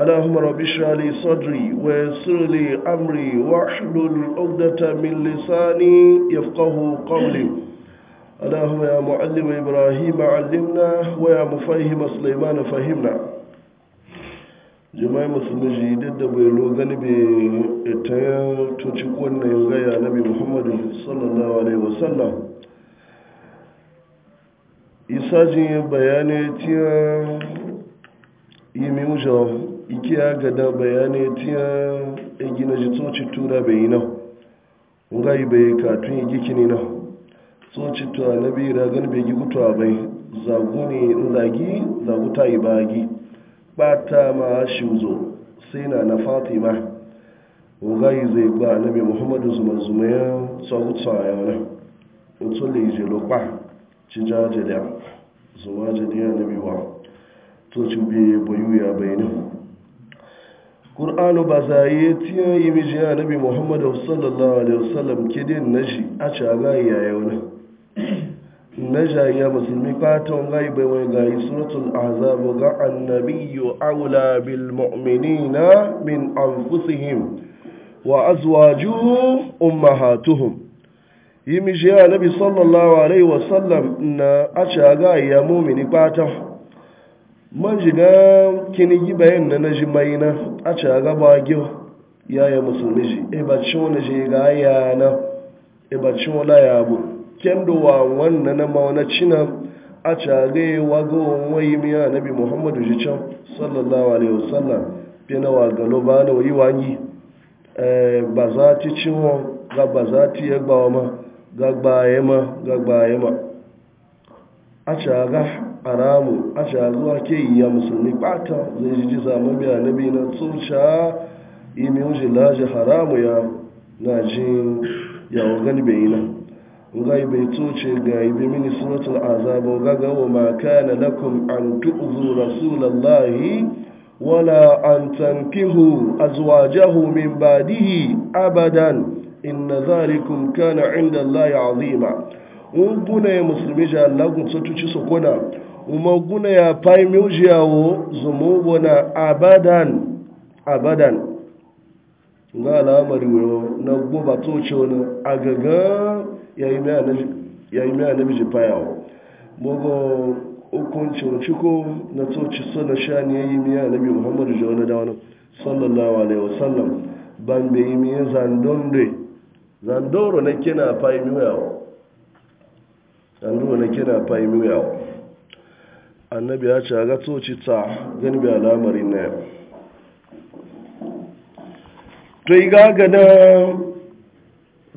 اللهم رب اشرح لي صدري ويسر لي امري واحلل عقدة من لساني يفقه قولي اللهم يا معلم ابراهيم علمنا ويا مفهم سليمان فهمنا jama'i musulmi jidid da bai rogani bai ta tuci wannan gaya nabi muhammadu sallallahu alaihi wasallam isa jin bayani tiyan wujen iki ya gada bayanai tiya gina ji tsoci tura bai na ngai bai katun yi gikini na tsoci tura na biyu ragar bai gi gutuwa bai zagu ne zagi zagu ta yi ba ta ma shi zo sai na na fatima ngai zai gba nabi muhammadu zuma zuma ya tsogu tsawa yana otu le je lokpa ci jajaliya zuma jaliya nabi wa tsoci bai bayu ya bai na ƙur'anu ba za yi tiyan yi miji ya nabi muhammadu sallallahu alaihi wasallam kidin na shi a caga ya yau na na jaya musulmi fatan gai bai wani gayi suratul azabu ga annabiyyu aula bil mu'minina min anfusihim wa azwaju ummahatuhum yi miji ya nabi sallallahu alaihi wasallam na a caga ya mumini fatan man shiga kini gibayen na na mai na a ci a gaba gyau yaya musulmi shi ibacin e wani shi ga aya na ibacin e wala ya bu kendo wa wannan na mawana cina a ci a ga yi wago wai miya nabi muhammadu shi can sallallahu alaihi wasallam fina wa galo ba na wani eh, ba za ti ciwon ga ba za ti ya gbawa ma ga ya ma ga ya ma a aramu ashaga ke ya musulmi bata zai ji jisa mabiya na biyu na tsoca yi mai wuce laji haramu ya na ya yawon bai na ngai bai tsoce ga ibi mini suratul azabu gaga wa ma kana lakum an tu'zu rasulallahi wala an tankihu azwajahu min badihi abadan inna zalikum kana inda allahi azima guna ya musulmi ji allagun tsotuci su kuna umar guna ya fai miujiyawo zumubu na abadan abadan ga al'amari na guba toce wani agaga yi mai anabi ji fayawo bugu hukuncin ciko na toci suna sha ya yayi mai anabi muhammadu ji wani da wani sallallahu alaihi wasallam ban bai yi mai zandon dai zandoro na kina fai miujiyawo sandu na kira fahimi yawo annabi ya ce ga tsoci ta gani bi al'amarin na yau to yi gaga na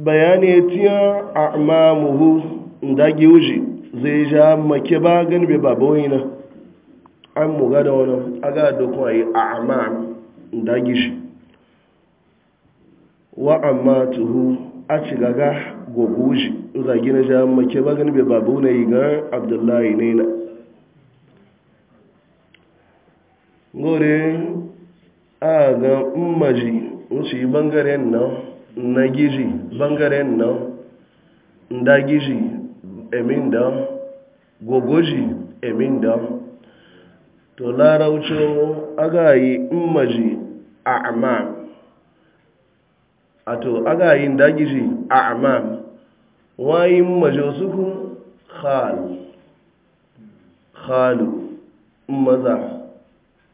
a tiyan amamuhu da giwuji zai ja maki ba gani bi babawai na an mu gada wani aga da a yi amam da gishi wa amma tuhu a cigaga gobuji zagi na ja make bagani bai babu na yi gan abdullahi ne na gore a ga mmaji wasu yi bangaren nan na gizi bangaren nan da gizi emin da gogoji emin da to laraucin agayi mmaji a amma a to agayin dagizi a amma wayin majosuhun khalu khalu maza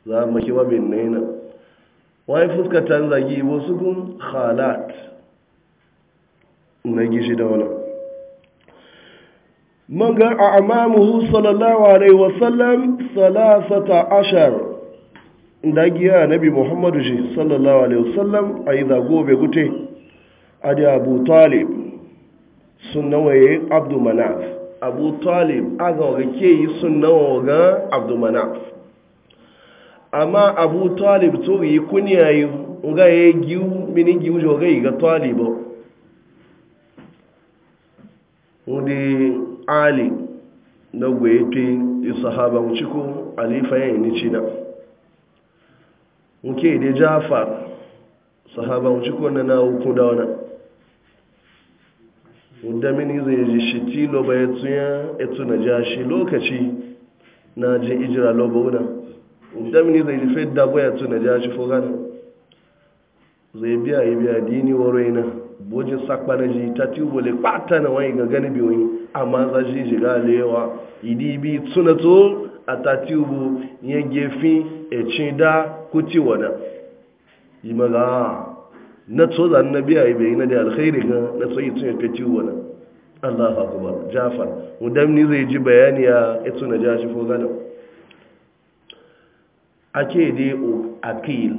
za mu kiwa bin naina wayi fuskatan zagi wasu kun khalat na gishi da wani man ga a'mamuhu sallallahu alaihi wasallam salasata ashar dagiya nabi muhammadu shi sallallahu alaihi wasallam a yi zagobe gute a da abu talib sun nawaye abu talib aga ga ke yi sun nawa ga amma abu talib to yi kuniya yi ga ya giwu mini giwu jo ga yi ga talibo wani ali na gwaye te sahaba mu ciko alifa ya ni nke da jafar sahaba mu na na hukun da wani wadda mini zai ji shi tilo ba ya tuya etu na ja shi lokaci na ji ijira loba wuna wadda mini zai ji fedda ba ya na ja shi fogana zai biya yi biya dini waro yana bojin sakpa na ji ta tubule kpata na wani ga gani bi wani amma za ji jiga lewa idi bi tuna to a ta tubu ya gefi ecin da kuti wana yi maga ah. na tso na biya yi bai na da alkhairi ga na tsayi tun yake ciwo na Allah akbar Jafar mudan ni zai ji bayani ya ito na jashi fo gada ake dai o akil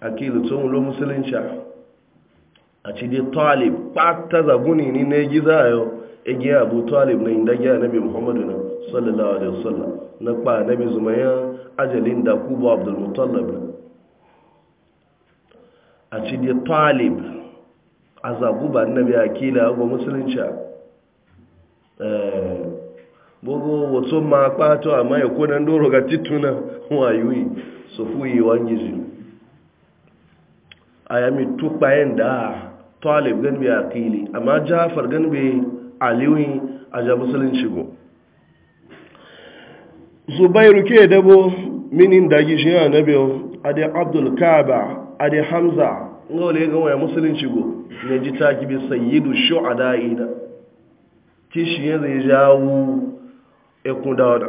akil tun lo musulunci a ci dai talib ta zaguni ni ne giza yo ege abu talib na inda gya nabi muhammadu na sallallahu alaihi wasallam na pa nabi zumaya ajalin da kubu abdul mutallab a ci da talib a zagu ba annabi a kila ga musulunci eh, gbogbo wato ma kpato a maye kunan doro ga tituna wayuyi su fuyi wangizi a yami tukpayen da talib gan a kili amma jafar gan bi aliyu a ja musulunci go zubairu ke dabo minin dagi shi a adi abdul adi hamza nga wale ga waya musulunci go ne ji ta kibi sayyidu shu'ada ina kishi ya zai jawo ekun dawada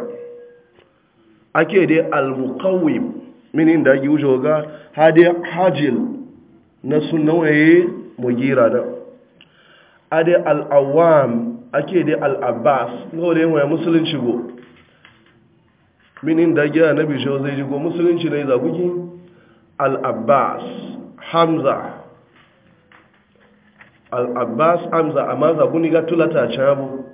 ake dai al-muqawwim min da gi wuce ga hadi hajil na sunna waye mugira da ade al-awam ake dai al-abbas nga wale waya musulunci go min da gi annabi shi zai ji go musulunci ne zagugi al'abbas hamza al'abbas hamza amma zaguni ga tulata cabu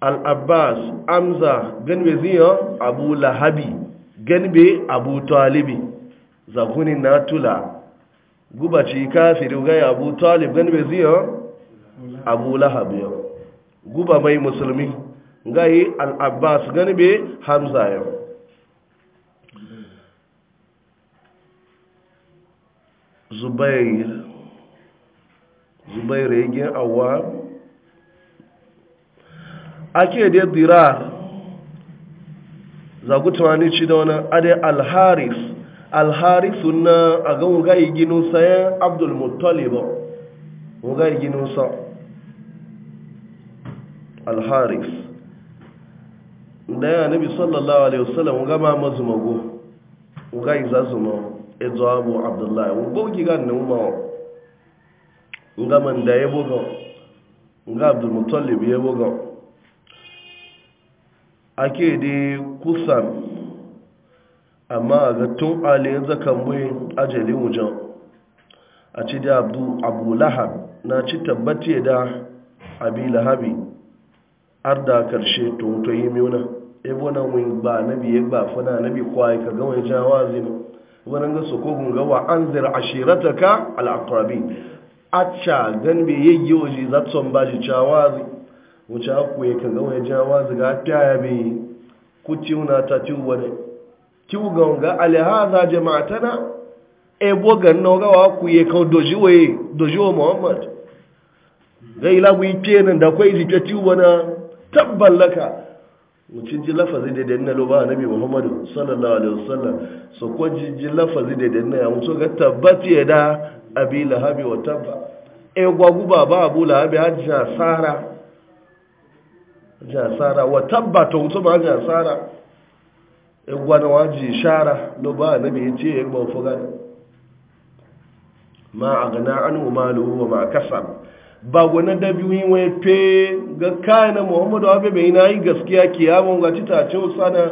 al'abbas hamza ganbe ziyo abu lahabi ganbe abu talibi zaguni na tula gubaci kafiri gaya abu talib ganbe ziyo abu lahabi guba mai musulmi gayi al'abbas ganbe hamza yau zubair zubair yagin awa ake da dirar zagu tunani ci da wani ade alharis alharisu na a ga wuga iginu sayan abdul mutalibu wuga iginu sa alharis da ya nabi sallallahu alaihi wasallam wuga ma mazumago wuga izazumawa ezo abu abdullahi ugbo giga na umaru nga man da ya buga nga abdulmutallib ya buga ake da kusan amma ga tun aliyan zakan mai ajali wujan a ci da abu lahab na ci tabbate da abi lahabi har da karshe tuntun yi miuna ebo wani gba ba biye gba-funa na bi kwaye ka gawai jawa zina wani ga su kogun ga wa an zira shirata ka al'akrabi a ca gan bai yi waje za son ba shi cawazi wuce aku ya kan gawa ya jawazi ga ta ya bai kuci wuna ta ci wani kiwugan ga alihaza jama'atana ebo gan na gawa ku ya kan dojiwe dojiwa muhammad zai lagu yi kenan da kwai jike ci wani tabbalaka mutum ji lafazi da da nna na annabi muhammadu sallallahu alaihi wasallam so ko ji ji lafazi da da nna ya mutu ga tabbati ya da abi lahabi wa tabba e gwagu ba abu lahabi hajja sara hajja sara wa tabba ta mutu ba hajja sara e gwana ji shara loba annabi ya ce ya gwa fuga ma a gana an umaru wa ma kasaba ba gwanar da biyu yin wani fe ga kayan muhammadu abu bai na yi gaskiya kiyamun ga ci tace sana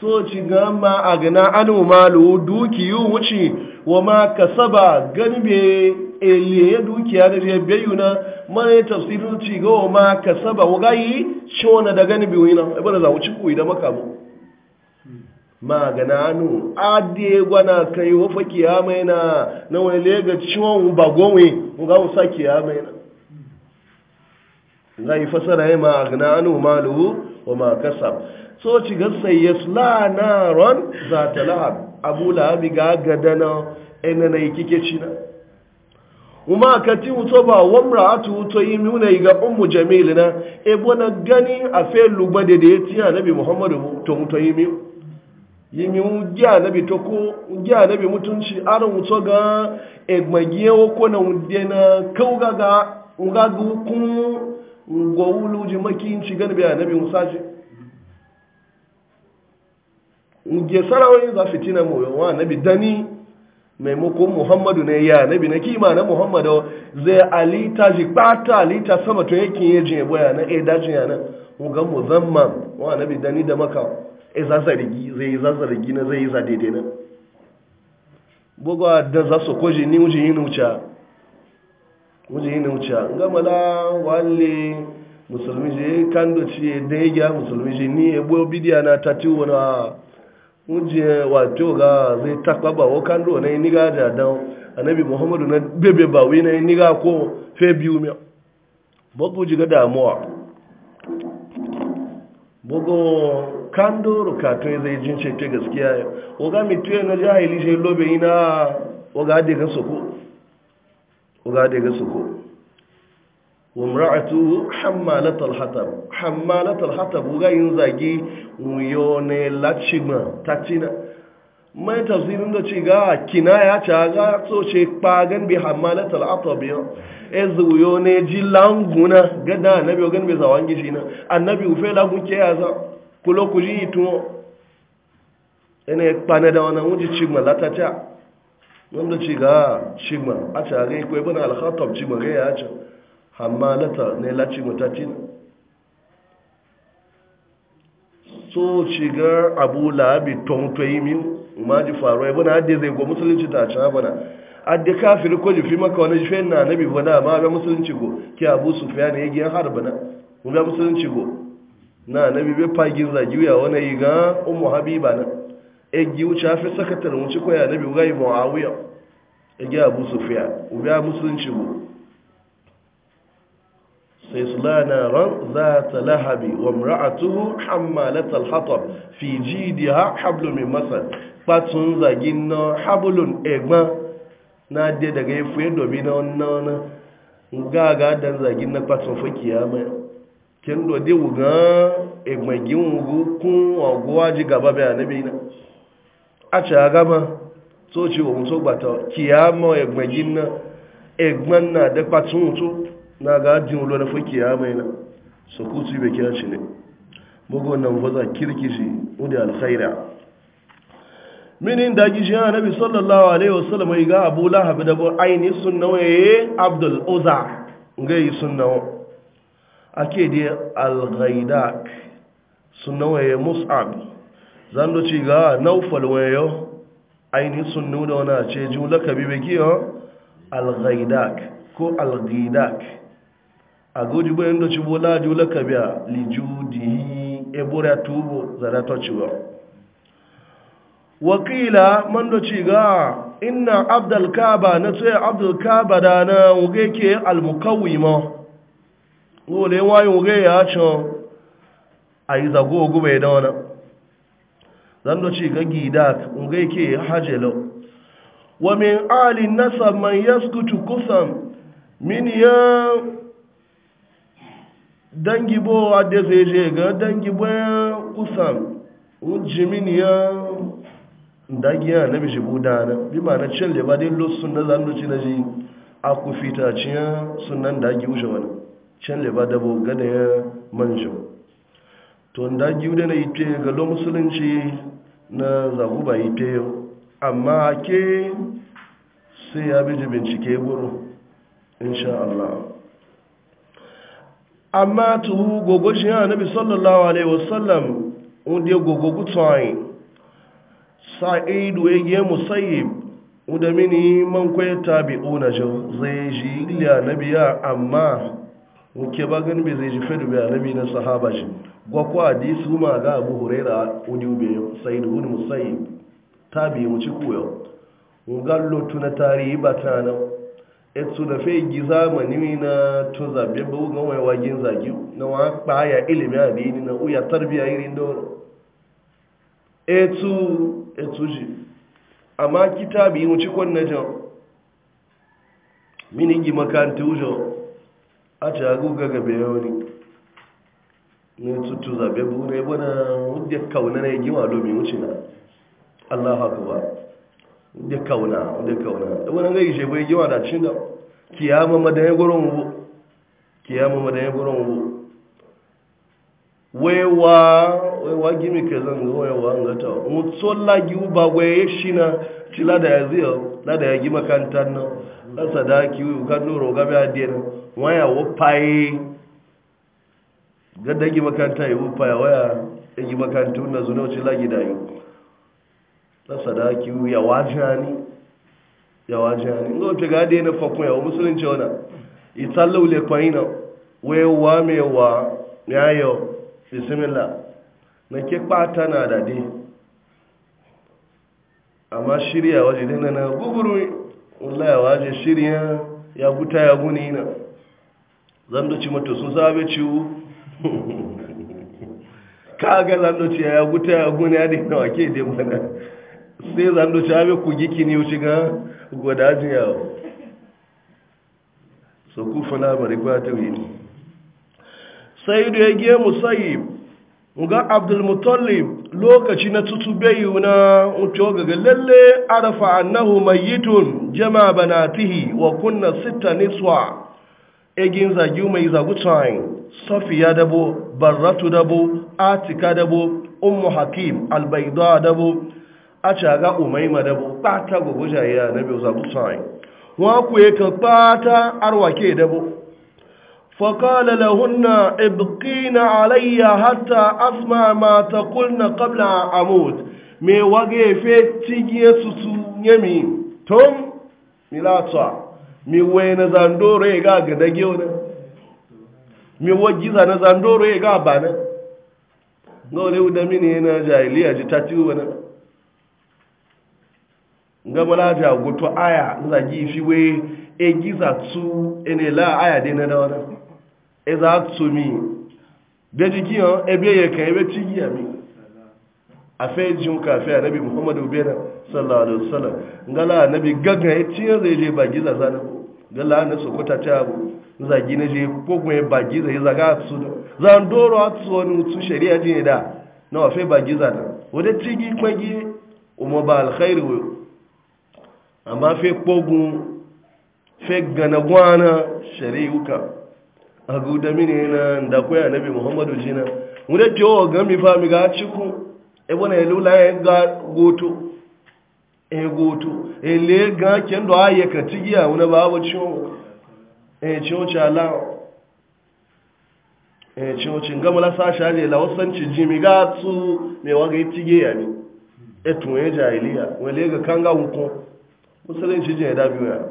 so ci gama a gana anu malu duki yi wuce wa ma kasaba gani be eliye dukiya da ya bayu na mana ya tafsirin ci ga wa ma kasaba wa gayi shona da gani biyu na ibada za wuce idan da makamu ma gana anu ade gwana kai wofa kiyamai na na wani lega ciwon bagonwe ga wusa kiyamai na zai fasara ya ma agna anu maluhu wa ma kasab so ci ya sula na ron za ta la'ab abu la'abi ga gadana ina na kike ci kuma ka ti wuto ba wamra atu wuto yi nuna ga ummu jamil na e na gani a fe lugba da ya ci annabi muhammadu to wuto yi mi yi mi ji annabi to ko mutunci aran wuto ga egmagiye ko na wudena kauga ga ugagu kun gwawulu ji makinci gani bi annabi musa ji ge sarawai za fitina mu wa annabi dani maimakon muhammadu ne ya annabi na kima na muhammadu zai alita ji kpata alita sama to yake ya je boya na eh dajin ya na ga muzamman wa annabi dani da maka e za zargi zai za zargi na zai za daidai na bugu da za su koji ni uji yin wuce wuce yin wuce gamala wale musulmi je kando ci da ya musulmi je ni ebo bidiya na tati wani a wuce wato ga zai takwa ba wakan do na yi niga da dan annabi muhammadu na bebe ba wi na yi niga ko fe biyu miya bugu ji ga damuwa bugu kando rukatun zai jin ce gaskiya ya waga mitu ya na jahili shi lobe ina waga adigan soko uga daga suko wamra'atu hammalatul hatab hammalatul hatab uga yin zagi uyo ne lachima tatina mai tafsirin da ce ga kina ya ce ga so ce pagan bi hammalatul atab ya ezu uyo ne jilanguna languna ga da annabi gan bi zawan gishi na annabi fela lagun ke yaza za kulo kuji to ene panada wana wuji chigma latacha wanda ci ga cima a ci ga bana alhatab cima ga ya ci amma lata ne la cima ta tin so ci ga abu labi ton toyi min ma ji faru ya bana hadde zai go musulunci ta ci bana adde kafir ko ji fi maka wani jifen na nabi bana ma ga musulunci go ki abu sufyan ya giyan har bana mu ga musulunci go na nabi be fagin zagiya wani yi ga ummu habiba na egi wuce fi sakatar wuce koya na biyu gai ma'awiyar egi abu sufiya ubi abu musulunci bu sai su lana ran za ta lahabi wa mura'atuhu hammalatar hatab fi di ha hablu mai masar patun zagin na hablun egban na dai daga ya fuye domi na wannan gaga dan zagin na patun ya mai kendo dai wuga egbagin wugu kun wagowa ji gaba bayanabi na acha agama so ci wo so gbata kiyama egban na da patun na ga din lo na fa kiyama ina so ku ci be kira shi ne mugo nan waza kirkishi udi alkhaira minin da gishi ya nabi sallallahu alaihi wasallam ga abu lahab da bu aini sunna waye abdul uzza ngai sunna ake dai al-ghaidak sunna waye mus'ab zan ci ga naufal wayo ainihin sun nuna wani ce jula kabibe giyo al-ghaidak ko al-ghidak a goji bayan da ci bola jula kabiya lijudi ebura tubo zara tociwa wakila man ci ga inna abdul kaba na tsaye abdul kaba da na wuge ke al ma. wole wayo wuge ya can a yi zago gube da wani zando ci ga gidat nga yake hajelo wa min ali nasa man yaskutu kusam min ya dangi bo ade zeje ga dangi bo kusam uji min ya ndagi ya nabi shi budana bi ma na da ba dai lo sunna zando ci na ji aku fita ciya sunan dagi uje wani da ba dabo gada ya manjo to ndagi ude na ite ga lo musulunci na zagu ba yi teyo amma ke sai ya biji bincike buru insha Allah amma tuhu gogo shi ya nabi sallallahu alaihi wasallam wanda ya gogo gutsuwayi sa'idu ya yi musayib wanda mini man una tabi'una zai ji na nabiya amma wuke ba gani bai zai ji fedu bai alabi na sahaba shi gwakwa hadisi ma ga abu huraira udiu ube sai da wani musayi ta bi mu ci koyo ngallo tuna tarihi ba ta nan etu da fai giza mani na to zabe ba ga wai wagin zagi na wa kpaya ilimi adini na uya tarbiya irin doro etu etu ji amma kitabi mu ci kon na jan mini gi makanta ujo a ci aguga gabe yawani ne tutu zabe bune bana wadda kauna na yi gima domin wuce na allahu akubar wadda kauna wadda kauna e da wani ga ishe bai gima da cin da kiyama madayin gurin wubo kiyama madayin gurin wubo wewa wewa gimi ke zanga wewa ngata mutsola gi uba gwaye shina ci lada ya ziyo lada ya gima gi makantar nan lasa da ki uka nuro gabe adiyar waya wufaye gada yi makanta ya wufaya waya yi makanta na zuna wuce lagi da yi na sadaki ya wajani ya wajani ga wace gade fakun fakon yawa musulunci wana itallau le me wayewa mewa yayo bismillah na ke kpata na dade amma shirya waje dana na guguru wallahi waje shirya ya guta ya guni na zandoci mato sun sabe ciwo kaga zandoci ya guta ya gune ya dina wake dai mana sai zandoci ya ku giki ne wuce ga gwadajin yawo so ku fana bari kwata ta sai da ya giye musayi ga abdulmutallib lokaci na tutubayu na uto gaga lalle arafa annahu mayyitun jama banatihi wa kunna Sita niswa egin zagi mai zagu tuwain sofiya dabo baratu dabo atika dabo umu hakim albaidowa dabo a caga umaima dabo pata gugujan ya nabi zagu tuwain wa ku yi kakpata arwake dabo fakala lahunna ibkina alayya hatta asma ma ta kulna kabla amud mai wage fe cigiyar su sun yami tun mi wai na zandoro ya ga ga dage wani mi giza na zandoro ya ga ba na nga ole wuda mini na jahiliya ji ta ci wani ga mala ja goto aya za gi fi we e giza tu ene la aya de na da wani e za tu mi de ji ki on e, e be ye kan e be ti gi ami ji jin ka fe nabi muhammadu bena sallallahu alaihi wasallam ngala nabi gaga e ti zai je ba giza sanan gala na sokota ta abu zagi na je kuma ya bagi zai zaga su an doro a su wani mutu shari'a ji ne da na wafe bagi za ta wadda cigi kwagi umu ba alkhairu wayo amma fe kogun fe gana gwana shari'uka a guda mini na da na bi muhammadu jina wadda ke wa gami fami ga cikin ebe na ilu lula ga goto egoto ele ga kendo aye ka tigiya wani babu cho e cha la e cho cin ga mala sa ne la wasanci jimi ga e tu me waga ya ne e tun e jahiliya le ga kanga hukun musulunci jin da biyu ya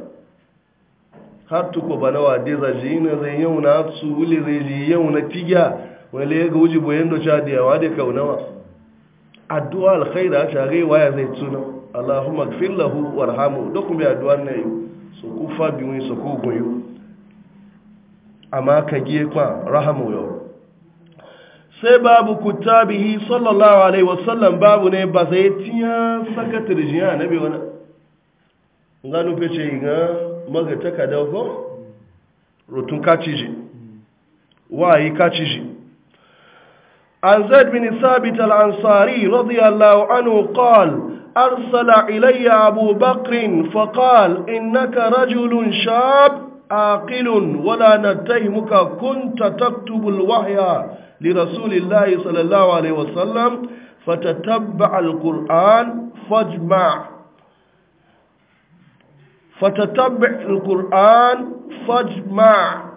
har ko bana wa de za jina zai yau na su wuli zai ji yau na tigiya le ga wuji boyen do cha de wa de kaunawa addu'a alkhaira ta gai waya zai tsuna allahumma gfir lahu warhamu dokun bi addu'a ne su ku fa su won so ku gun amma ka giye kwa rahamu yo sai babu kutabihi sallallahu alaihi wasallam babu ne ba sai tiya sakatar na bi wani gano fece ga maga takada ko rutun kaciji wayi kaciji عن زيد بن ثابت الأنصاري ansari? Radiyallahu عنه قال أرسل إلي أبو بكر فقال إنك رجل شاب عاقل ولا نتهمك كنت تكتب الوحي لرسول الله صلى الله عليه وسلم فتتبع القرآن فاجمع فتتبع القرآن فاجمع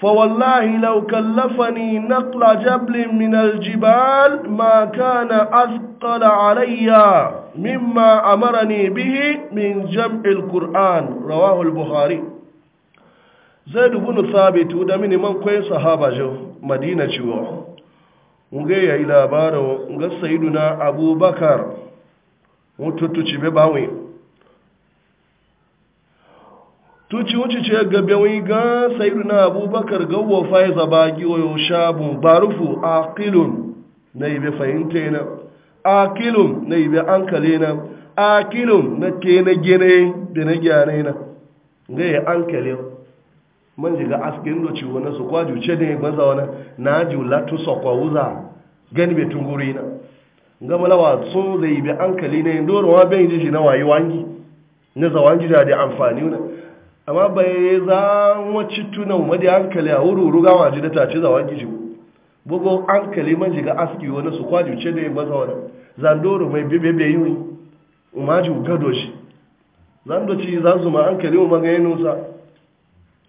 فوالله لو كلفني نقل جبل من الجبال ما كان أثقل علي مما أمرني به من جمع القرآن رواه البخاري زيد بن ثابت ودمين من كوين صحابة جو مدينة جو ونجي إلى بارو نجي سيدنا أبو بكر وتتشبه باوين tuci wuce ce ga wani ga sayidu na abubakar gawo faiza ba giwoyo shabun barufu akilun na ibe fahimta na akilun na ibe an kale na akilun na ke na gine da na gyane na ga ya an kale man ji ga askin da ciwo na su kwajuce ne banza wani na ji latu sakwa wuza gani bai tunguri na gama lawa sun zai ibe an kale na yin doron wa bai ji shi na wayi wangi na zawangi da amfani wani amma bai za wacce tunan wadda hankali a wuri wuri gawa ji da ta ce zawon gishi bugu hankali man ga aski wani su kwaji ce da ya baza wani zandoro mai bebe bai yi umaji gado shi zandoci za su ma hankali wa magayi nusa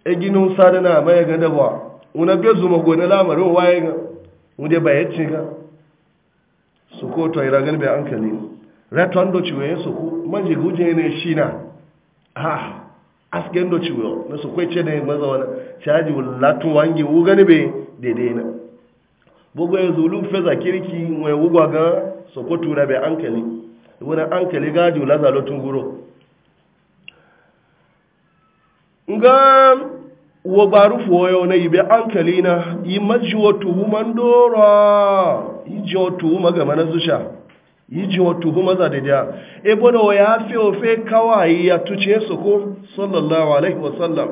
e gini nusa da na mai ga dabuwa una bai zuma gona lamarin waye ga wunde bai yace ga su ko to iragal bai hankali ratondo ciwe su ko man jiga wujen ne shi na ha. asken do ciwo na su kwai ce ne maza wani caji latun wangi wugani be daidai na bugu ya zulu feza kirki mai wugwa ga sokoto na bai ankali wani ankali gaji laza lotun guro ga wabaru foyo na yi ibe ankali na yi majiwa tuhuman dora yi jiwa tuhuma ga mana zusha yiji wa huma za da ebo da ya fi ofe kawai ya tuce su ko sallallahu alaihi wasallam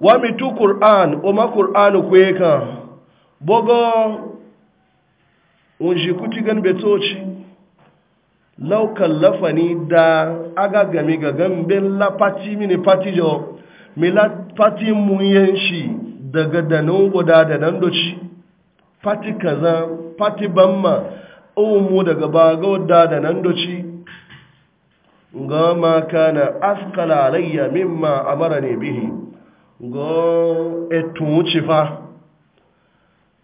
wa mitu qur'an o ma qur'an ku yeka bogo unji kuti gan betoci law kallafani da aga gami ga gambin la pati mini pati jo mi la pati mun yanshi daga da guda da nan doci pati kaza pati bamma mu daga bagauda da nan doci ga ma kana askala alayya mimma amara ne bihi ga etun wuce fa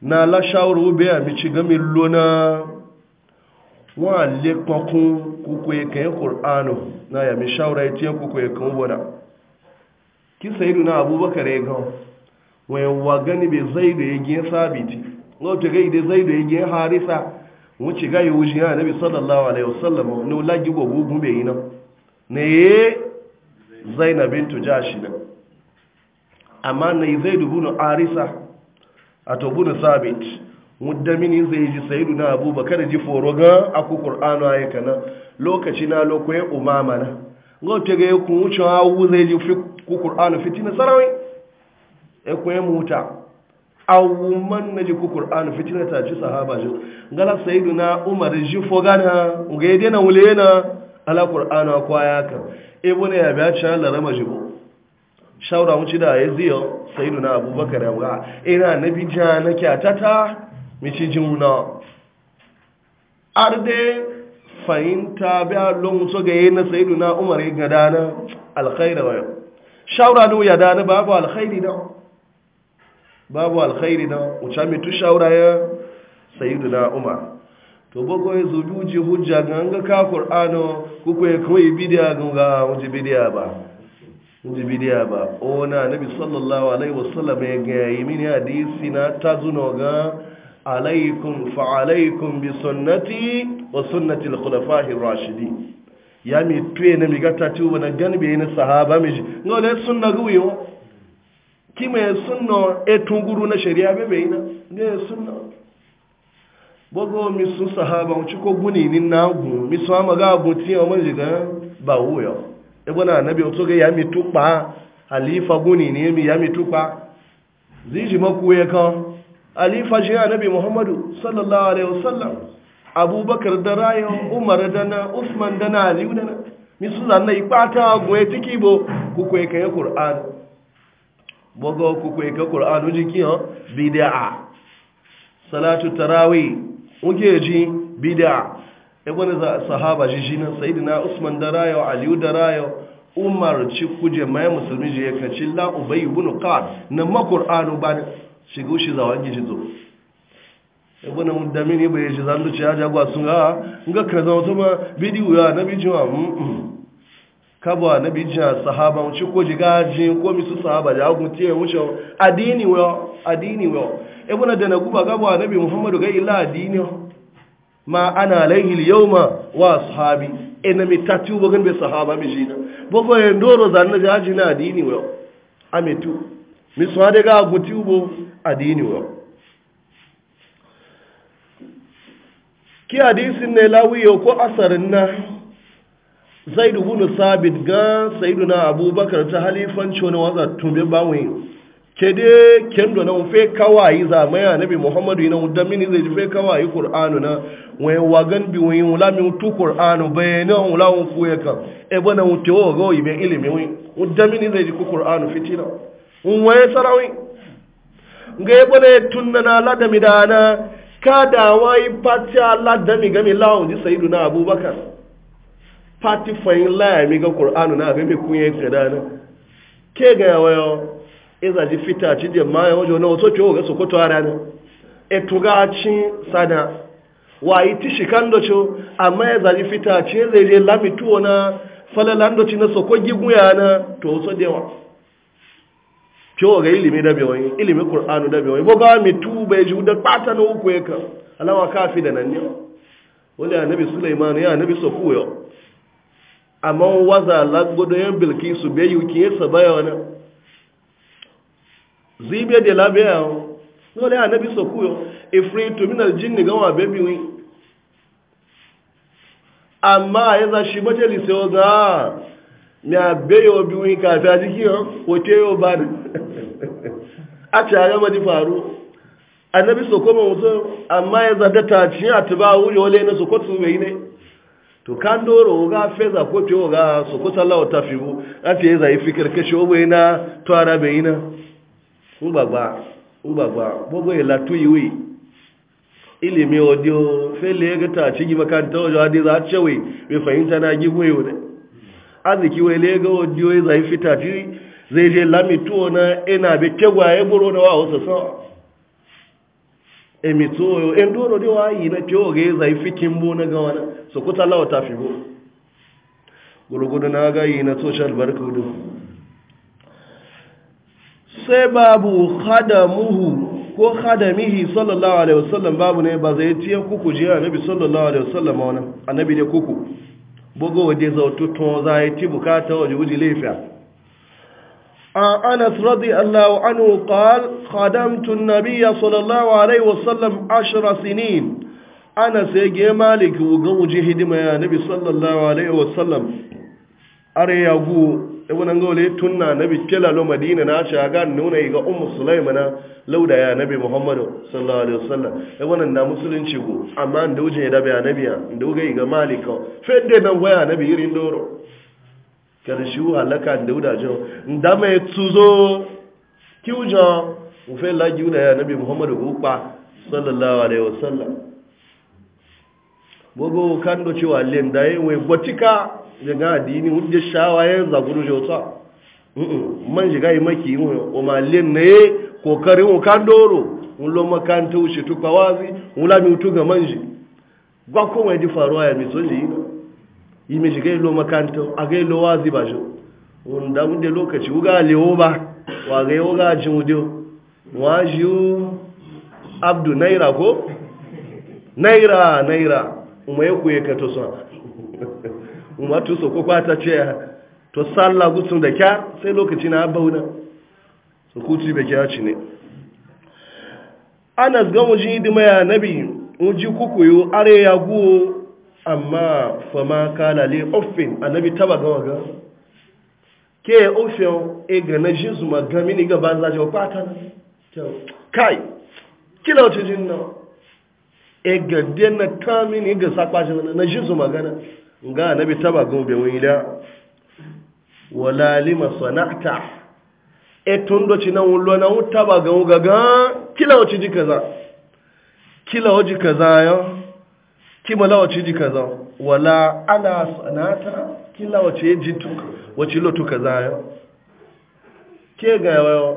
na la shawuru be a mi ci gami lona wa le kokun kuku e kan qur'anu na ya mi shawura e tiyan kuku e kan wona ki sayyidu na abubakar e gan wa wa gani be zaidu e gen sabiti ngo te ga ide zaidu e gen harisa wuce yi wuce ya nabi sallallahu alaihi wasallam no lagi gogo gumbe yi nan ne zainab bintu jashi da amma ne dubu na arisa ato na sabit muddamini zai ji sayyidu na kada ji foro ga aku qur'anu ayi kana lokaci na lokoye umama na gote ga ku wuce hawu zai ji fi ku qur'anu fitina sarawi ya e ku muta awuman na jiku ƙur'an fitina ta ci sahaba shi gala sayidu na umar ji fogana ga yadda na wule na ala ƙur'anu kwa ya ka ebo ne ya biya can larama jibo shawara mu ci da ya ziyo sayidu na abubakar ya wuga ina e na bija na kyatata mi ci jimuna arde fahimta biya lon so ga na sayidu na umar ya gada na alkhairawa wa yau shawara ya dana babu alkhairi na. babu alkhairi na wuce mitu shawara ya sayidu na umar to boko ya zubi wuce hujja ga hanga ka kur'ano kuku ya kuma yi bidiya ga wuce bidiya ba wuce bidiya ba ona nabi sallallahu alaihi wasallam ya ga yi mini hadisi na ta zuno ga alaikum fa alaikum bi sunnati wa sunnati al-khulafa'i rashidi ya mi tuye na mi gata ci wani ganbe na sahaba mai ji ngole sunna guwiyo kima ya sunna etunguru na shari'a bebe ina ne ya suna bogo mi su sahaba mu ciko guni ni na gun mi su ama ga gun ti yawon man jiga ba wuyo ebe na Anabi otu ga ya mi tupa halifa guni ni mi ya mi tupa ziji maku ya kan halifa shi anabi muhammadu sallallahu alaihi wasallam abubakar da rayo umar da na usman da na aliyu da na mi su zanna ikpata gun etiki tikibo ku kayan e qur'ani bogo kuku ka qur'anu jiki ha bid'a salatu tarawih unge ji bid'a e sahaba ji jina sayyidina usman darayo aliyu darayo umar ci kuje musulmi je ka ci la ubay ibn na ma qur'anu ba shiga shi za ji zo e bona mudamini bai ji zandu ci aja gwa ga nga zama wato ma bidiyo ya mm -mm. kabwa na bija sahaba wuce ko jigaji ko misu sahaba da agun tiye wuce adini wo adini wo ibuna da na guba muhammadu ga ila adini ma ana alaihi ma wa ashabi ina e mi tatu bogan be sahaba mi jina bogo e ndoro zan na jaji na adini wo ametu misu ade ga agun ubo, adini wo ki hadisin ne lawiyo ko asarin na zai dubu sabit ga sayiduna abubakar ta halifan wani waza tumbe bawon ke dai kendo na fe kawai za maya nabi muhammadu na wudan mini zai ji fe kawai kur'anu na wai wagan bi wai wala mi tu qur'anu bayana wala un fuye ka e na un wa go ibe ilimi wai dan mini zai ku Kur'anu fitina un wai sarawi ga e na ya e tunna na ladami da kada wai pacha ladami gami lawon ji sayiduna abubakar pati fayin layami ga ƙur'anu na abin mai kunye gada na ke ga yawa yau iza ji fita ci e je ma yawon jona wato ke ga sokoto a rana eto ga ci sana wa yi ti shikan da ci amma ya zaji fita ci zai je lami tuwo na falalan da ci na soko giguya na to wato da yawa ke ga ilimi da bewai ilimi ƙur'anu da bewai ba mi tu bai ji da ɓata na uku ya kan alama kafi da nan ne wani annabi sulaiman ya annabi sofuyo amma waza lagbodo yan bilkisu bai yi kiye sa baya wani zibe de labe ya o no le anabi so kuyo ifri to jini al ga wa bebi wi amma ya za shi maje li so ga mi abe yo bi wi ka ta jiki o o te yo ba a ta ga ma faru annabi so ko mo so amma ya za da ta ci atiba wuri wale na so ko su mai ne to kan doro ga feza ko to ga su ko sallawa ta fi bu a fiye zai fikir kashe obo ina to arabe ina ngbagba ngbagba gbogbo ila tu iwe ilimi odio fele ga ta ci gi makanta ojo adi za cewe be fahimta na gi gwe ne aziki we le ga odio zai fita ci zai je lami tuona ina e be tegwa e buru na wa so emitsoyo endoro de wayi na kyoge zai fikin bu na ga wani so kuta lawa ta fi bu gurgudu na ga yi na social barkudu sai babu khadamuhu ko khadamihi sallallahu alaihi wasallam babu ne ba zai tiya kuku je annabi sallallahu alaihi wasallam wannan annabi ne kuku bogo wade zautu to zai ti bukata waje wuji lafiya عن أنس رضي الله عنه قال خدمت النبي صلى الله عليه وسلم عشر سنين أنا سيجي مالك وقو جهد ما نبي صلى الله عليه وسلم أري يقو ibn ngole tunna nabi kela lo madina na sha ga nuna ga ummu sulaimana lauda ya nabi muhammadu sallallahu alaihi wasallam ibn na musulunci go amma da da bayan nabiya da ga malika fedde nan waya nabi irin doro karshe halaka da wudajen Nda mai tuzo kiwujan ufe lagi wuda ya nabi muhammadu gukpa sallallahu alaihi wasallam gbogbo kan do cewa len da yi wai e gwatika da ga adini wujje shawayen zaguru jota man shiga yi maki yi o ma len na yi kokarin kan doro un lo makanta wuce tukwa wazi un lami utu ga manji gwakon wai e di faruwa ya misoji yi yi ji shiga ilo makanta a ga ilo wazi ba shi wanda wunde lokaci wuga lewo ba wa ga yi wuga jin wa ji abdu naira ko naira naira umma ya kuye ka to so umma to so ko kwata ce to salla gutsun da kya sai lokaci na bauna su kuti be kya ci ne anas ga idima maya nabi muji kuku yo are ya guwo amma fama kana le ofin annabi taba gawa ga ke ofin e ga na ma ga mini ni gaba za ji fata na kai kila wata jin na e ga den na kami ni ga sakwa jin na jin ma magana ga annabi taba gawa be wani da wala lima sana'ta e tun do ci na wulo na u taba ga ga kila o ji kaza kila wata kaza ya. kima lawace ji kaza wala ana sanata kila wace ji tuka wace lotu kaza yau ke ga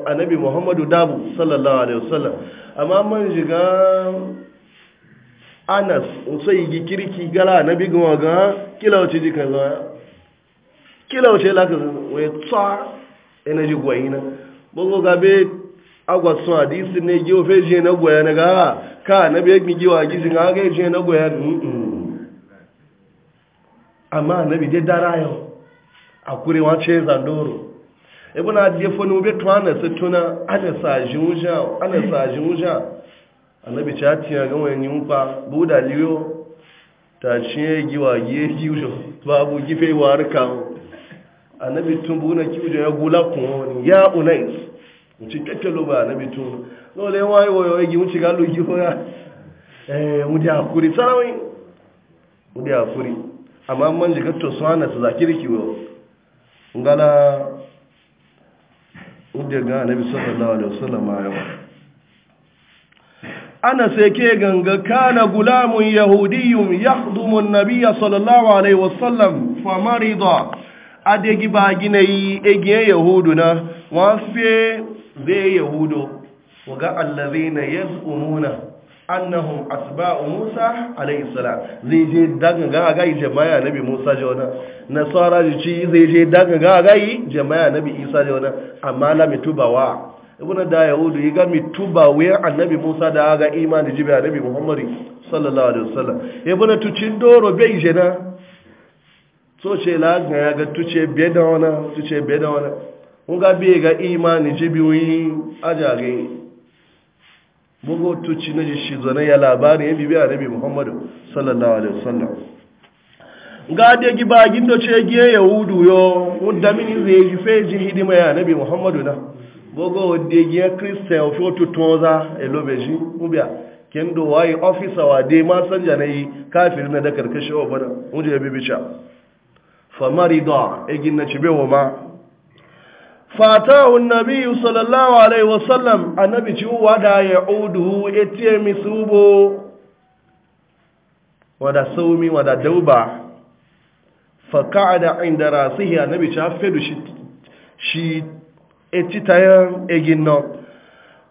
annabi muhammadu dabu sallallahu alaihi wasallam amma man jiga anas usai yi kirki gala annabi gama ga kila wace ji kaza kila wace la ka wai tsa ina ji gwayina bugu gabe so hadisi ne geofe je na gwaya na ga ka na bi egmi giwa gizi nga ga eje na goya mm amma na bi de darayo akure wa che zandoro ebo na je fonu be to ana se tuna ana sa jinja ana sa jinja annabi cha tiya ga wani yumpa buda liyo ta ce giwa giye hiyo babu gife warka annabi tun buna kiwo ya gula kun ya unais mu ci kakkalo ba annabi tun lọ́lẹ̀ wọ́n ìwọ̀yọ̀ igi ń ṣiga lójú fọ́nà ẹ̀mùdí àkúrí sáráwìn mùdí àkúrí àmà mọ́n jẹ́ kẹtọ̀ sún ànà sọ̀zà kíríkì wọ̀ ngana mùdí gan anabi sallallahu alaihi wasallam ayọ̀ ana sai ke ganga kana gulamun yahudiyyun yakhdumu an-nabiyya sallallahu alaihi wasallam fa marida adegi ba ginayi egiye yahuduna wa fe zai yahudo waga allazina umuna annahum asba'u Musa alayhi zai je daga ga ga jama'a nabi Musa je na tsara ji ci zai je daga ga ga jama'a nabi Isa je wannan amma la mitubawa na da yahudu yi ga mituba na annabi Musa da ga imani jibi annabi muhammadu sallallahu alaihi wasallam ibn tucin doro bai je na so ce la ya ga tuce biyar da wannan tuce be da wannan ga ga jibi mugotuci na shi zane ya labarin ya bibiya nabi muhammadu sallallahu alaihi wasallam ga da giba gindo ce giye yahudu yo wanda mini zai yi feji hidima ya nabi muhammadu na bogo wadda giye krista ya fi otu toza elobeji ubiya kendo waye ofisa wa dai ma san janayi kafir na da karkashin wa bana wanda ya bibica famarida egin na cibewa ma fatahu nabi sallallahu alaihi wasallam annabi ci wada ya uduhu etiye misubo wada saumi wada dauba faka'ada inda rasihi annabi ci hafedu shi shi eti tayan egin nan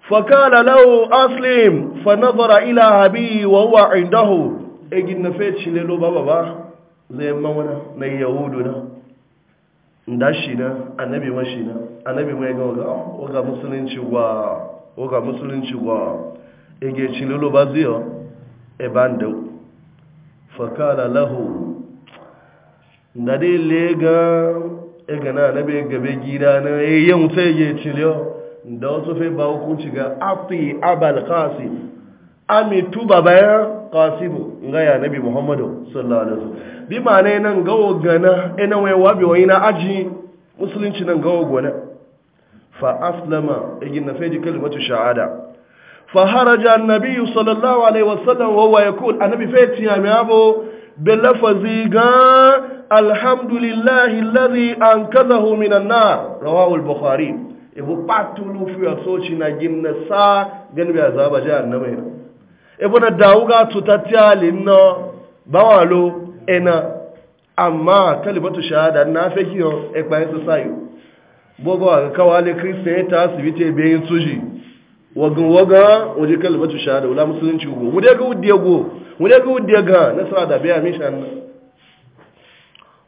fakala lahu aslim fa nazara ila habi wa huwa indahu egin na fe ci ne lo baba ba zai mawana na yahudu na nda shi na annabi ma shi na ga oga oga musulunci gwa oga musulunci wa ege chilulu bazio e bando e fakala lahu da dai lega e ga na annabi e gabe gida na e yan sai ge chilio da wasu fe ba hukunci ga afi abal qasim ami tuba bayan qasibu nga nabi muhammadu sallallahu alaihi wasallam bi mane nan gawo gana ina wai wabi wai na aji musulunci nan gawo gona fa aslama igin na feji kalmatu shahada fa haraja annabi sallallahu alaihi wasallam wa huwa yaqul annabi feti ya mabo bil lafazi ga alhamdulillahi alladhi anqadhahu minan nar rawahu al-bukhari ibu patulu fi asoci na gimna sa ganbi azaba jahannama ebona dawuga tutatia linno bawalo ena amma kalibatu shahada na fe kiyo e pa yesu sayo bogo aga kawale kristiyan ta asibiti be yin suji wagan waga waje kalimatu shahada wala musulunci go wude ga wude go wude ga wude ga nasara da biya mi shan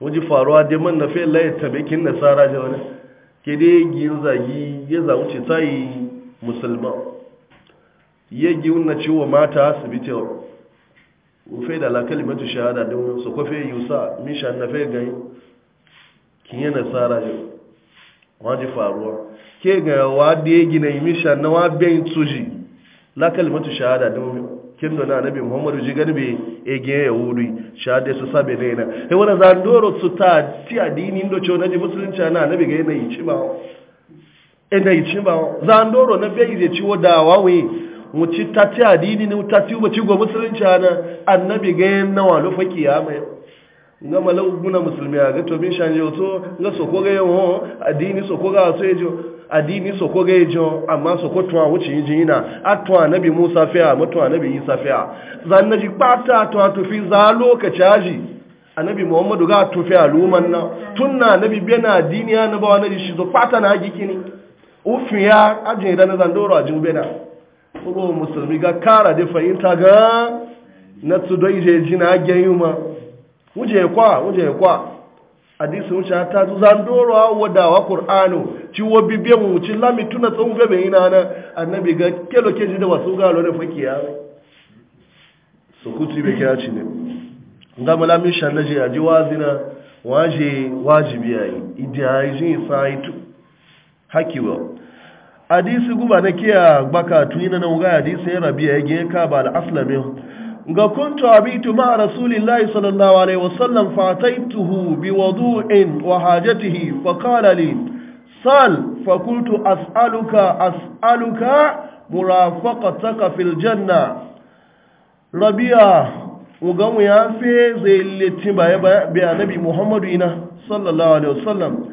waje faruwa dai man na fe lai tabekin nasara je wani ke dai gin zagi ya zawuce tayi musulman yegi unna ciwo mata su bi asibiti wufai da alakali mata shahada don su kofe yusa na fai gani yi nasara yau waje faruwa ke ga wa da ya gina misha na wa bayan tsoji la mata shahada don kin dona bin muhammadu ji garbe e ge ya wuri shahada su sabe ne na e wani za ndoro su ta ti adini ndo cho na ji musulunci na bi ga yana yi ci ba wa na yi ci ba za ndoro na bai je ciwo da wawe wuci ta ci adini ne ta ci wuci go musulunci ana annabi ga yin nawa lufa kiyama nga mala guna musulmi a ga to min shanje to nga soko ga yin ho adini soko ga so ejo adini soko ga ejo amma soko to a wuci yin ina atwa nabi Musa fi'a mutwa nabi Isa fiya zan naji pata to to fi za lokaci aji annabi Muhammadu ga to fi aluman na tunna nabi bena adini ya na ba wani shi zo pata na gikini ufiya ajin na zan doro ajin bena kuma musulmi ga kara da fahimta ga na tsudai je na agen yi ma wuje kwa wuje kwa hadisi wuce ta zu zan doro wadawa ƙur'anu ci wo bibiyan wuce lami tuna tsohon gabe ina na annabi ga kelo ke ji da wasu galo da fakiya su kuti bai kira ci ne ga malami shallaje ji wazina waje wajibi yayi idan yi jin sai hadisi guba na kiya baka tunina na wuga hadisi ya rabi ya gina ka ba da ga kuntu abitu ma rasulillahi sallallahu alaihi wasallam fataituhu bi wudu'in wa hajatihi fa qala li sal fa qultu as'aluka as'aluka murafaqataka fil janna rabiya uga mu ya fe zai litin baya bi muhammadu ina sallallahu alaihi wasallam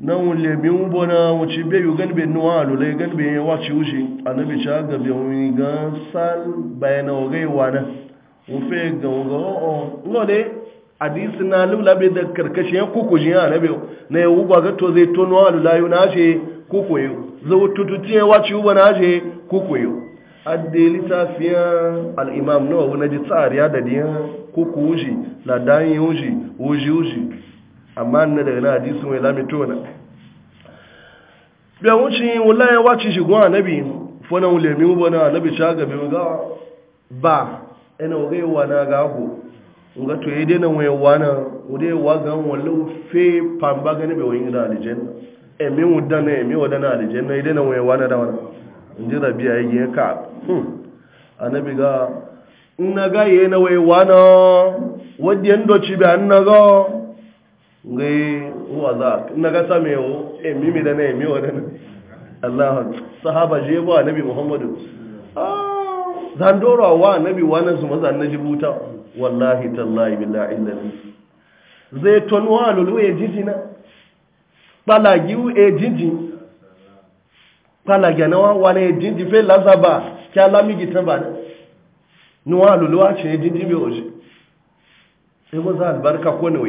nan wule bi mu bona wuci be yu gan be nuwa lule gan be ya wace wuce annabi cha ga be mu ga sal bayana o gai wana mu fe ga o o ngode hadisi na lula be da karkashi ya kuku jin annabi na ya ugwa ga to zai to nuwa lula yau na she kuku yau zo tututi ya wace uba na she kuku yu addeli tafiya al-imam nawawi na ji tsariya da diyan kuku wuce ladan yi wuce wuce wuce amma na daga na hadisi mai lamito na biya wuce wula ya wace shi gwa nabi fona wule mi ubo na nabi ta gabe ga ba ina ga yawa na ga ko nga to yede na we wa na ude wa ga wallo fe pamba ga ne yi da aljanna e mi wudda ne mi wada na aljanna yede na we wa na da wana inji rabiya yake ka annabi ga ina ga na we wa na wadiyan doci be annaga ngai huwa za na ga same yo eh mimi da ne eh, mi ne Allah sahaba je ba nabi Muhammadu ah dora wa nabi wannan su mazan na jibuta wallahi tallahi billahi illahi zai tonwa lulu e eh, jijina palagi u eh, e jiji palagi na wa wa ne jiji fe lazaba ki mi gitan ba nuwa lulu a ce jiji bi oje sai ko za albarka ko ne wa.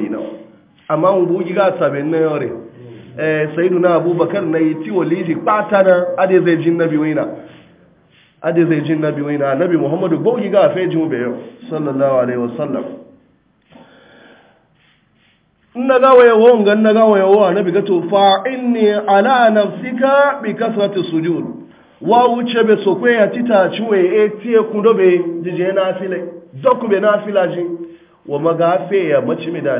amma mu bugi ga sabin na yore mm. eh na abubakar na yi ti waliji patana ade zai jin nabi waina ade zai jin nabi waina nabi muhammadu bugi ga fe jin be yau sallallahu alaihi wasallam na ga waye won gan na ga waye wa nabi ga to fa inni ala nafsika bi kasrati sujud wa wuce be sokwe ya tita ciwe e tie kundobe jije na afile dokube na afilaji wa magafe ya mace mi da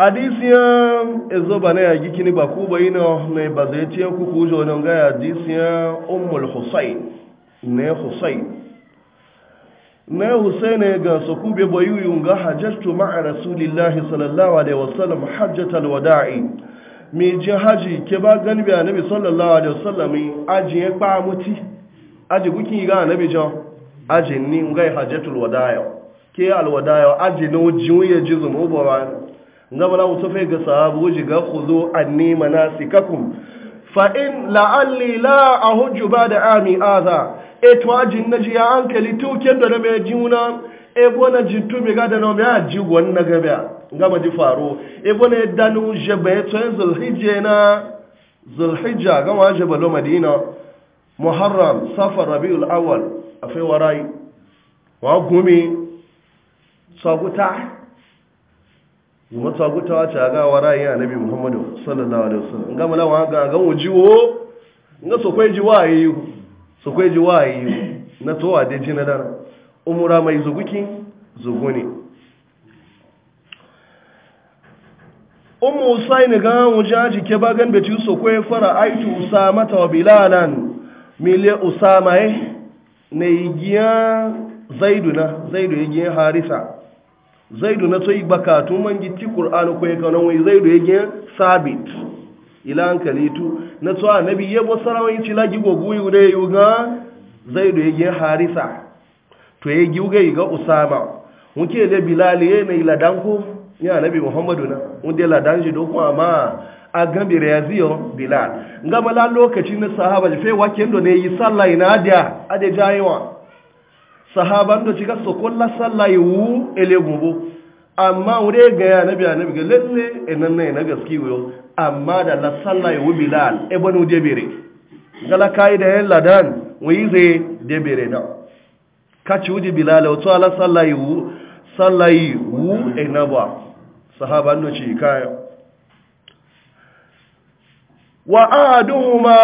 adisiyan ezo na ya kini ba ku bai na na ba zai ce ku ku jo nan ga adisiyan ummul husayn ne husayn ne husayn ga so ku be boyu yunga hajjatu ma'a rasulillahi sallallahu alaihi wasallam hajjatul wada'i mi je haji ke ba gani bi annabi sallallahu alaihi wasallam aji e pa muti aji gukin ga annabi jo aji ni ngai hajjatul wada'i ke alwada'i aji no jiwuye jizu mu ba na bala fai ga sahabu jiga ku zo an nema na sikakun fa'in la'alli la e a hujju ba da ami za. e jin na ji ya hankali tuken da na mai jiuna e bona jintu mai da na a ji wannan gaba gama ji faro e bona ya danu jaba ya tsayin zulhijja na zulhijja gama ba lo madina muharram safar rabiul awal a fai warai wa gumi ta. mata gutawa ta ga wara ya nabi muhammadu sallallahu alaihi wasallam ga mala wa ga ga ujiwo nga so kwai ji wayi so ji wayi na to wa deji na dara umura mai zuguki zuguni ummu usaini ga wujaji ke bagan beti so fara aitu usama ta bilalan mile usama ne giya zaiduna zaidu giya harisa zaidu na tsoyi baka tun man gitti qur'anu ko yaka nan Zaidu zaidu gina sabit ila hankali na tsoa annabi biye bo sarawai ci cila, gigo yu ne yi ga zaidu ya gina harisa to ya gi uga ga usama muke da bilal ya ne ila dan ko ya nabi muhammadu na unde la ladan shi don ko amma a gambe ziyo? bilal gama la lokaci na sahaba fe waken do ne yi sallah ina da ade jayewa sahaban da cika so kolla sallah yiwu ele gobo amma wure ga ya nabi ya nabi ga lalle enan ne na gaski wuyo amma da la sallah yiwu bilal ibn e udebere gala kai da yan ladan wuyi zai debere da kaci wuji bilal wato ala sallah wu sallah yiwu enaba sahaban da cika وآدهما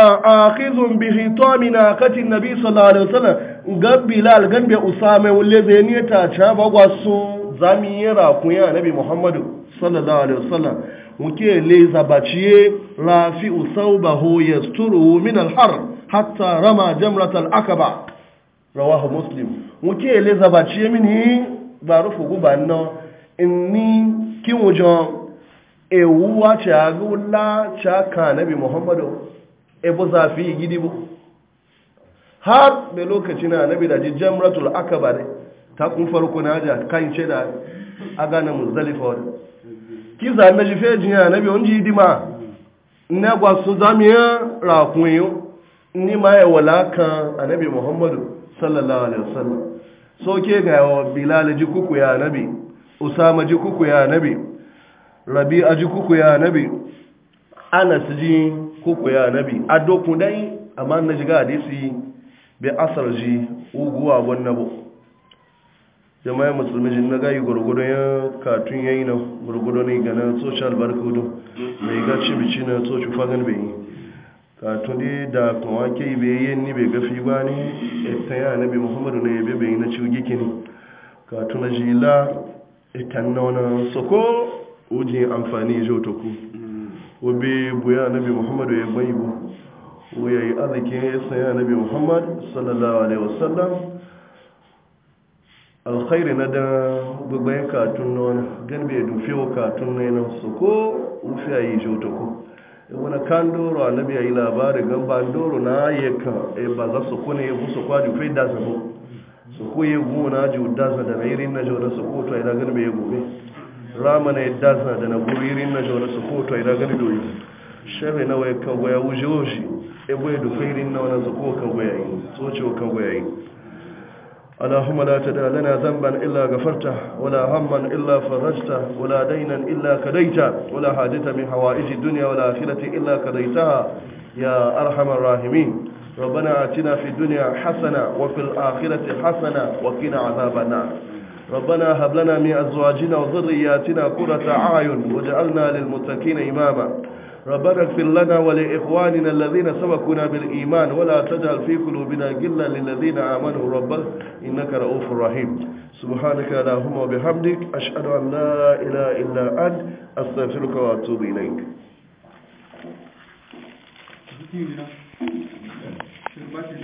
آخذ بخطام ناقة النبي صلى الله عليه وسلم قال بلال قال بأسامة والذين يتعشاب وقصوا زميرا كويا نبي محمد صلى الله عليه وسلم وكي ليس باتشي رافع ثوبه يستره من الحر حتى رمى جمرة العقبة رواه مسلم وكي ليس باتشي منه بارفو قبانا إني كي وجان ewuwa ce a gula caka nabi muhammadu ebo zafi gidi bu har da lokaci na nabi da jijjen ratul akaba ne ta kun farko na aja kan ce da aga na muzdalifa wadda ki za na jife jiya nabi wani jidi ma na gwasu zamiya rakun yi ni ma ya wala kan a nabi muhammadu sallallahu alaihi wasallam so ke ga yawa bilal ji kuku ya nabi usama ji kuku ya nabi rabi a ji kuku ya nabi su ji kuku ya nabi a doku dai amma na ji su yi bai asar ji uguwa wannan bu jama'a musulmi ji na gayi gurgudu ya katun yayi na gurgudu ne gana social barkudu mai ga cibici na tsoci fagen bai yi katun dai da kuma ke bai yi ni bai gafi ba ne ita ya nabi muhammadu na yabe bai yi na ciwo gikini katun na la ita nauna soko ujin amfani jo to ku wabe buya nabi muhammadu ya bai bu wuya yi arzikin ya sanya nabi muhammad sallallahu alaihi wasallam alkhairi na da gbogbo katun na wani gan bai dufe wa katun na yana su ko ufi a yi jo ku wani kan doro annabi ya yi labari gan ban doro na yaka e ba za su kone ya su kwaji fai da zama su ko ya gona ji da da na irin na jau da su ko to ya gan bai gobe zamana yadda suna da na guririn na jawar su koto a idagar doyi shafi na waya kan goya wuce woshi ebe ya dukai rin na wani zuko kan goya yi tsocewa kan goya yi allahumma la ta dalana zamban illa gafarta wala hamman illa farajta wala dainan illa kadaita wala hadita min hawa'iji duniya wala akhirati illa kadaita ya arhamar rahimin ربنا آتنا في الدنيا حسنة وفي الآخرة حسنة وقنا عذاب النار ربنا هب لنا من أزواجنا وذرياتنا قرة أعين واجعلنا للمتقين إماما ربنا اغفر لنا ولإخواننا الذين سبقونا بالإيمان ولا تجعل في قلوبنا غلا للذين آمنوا ربك إنك رؤوف رحيم سبحانك اللهم وبحمدك أشهد أن لا إله إلا أنت أستغفرك وأتوب إليك Thank you.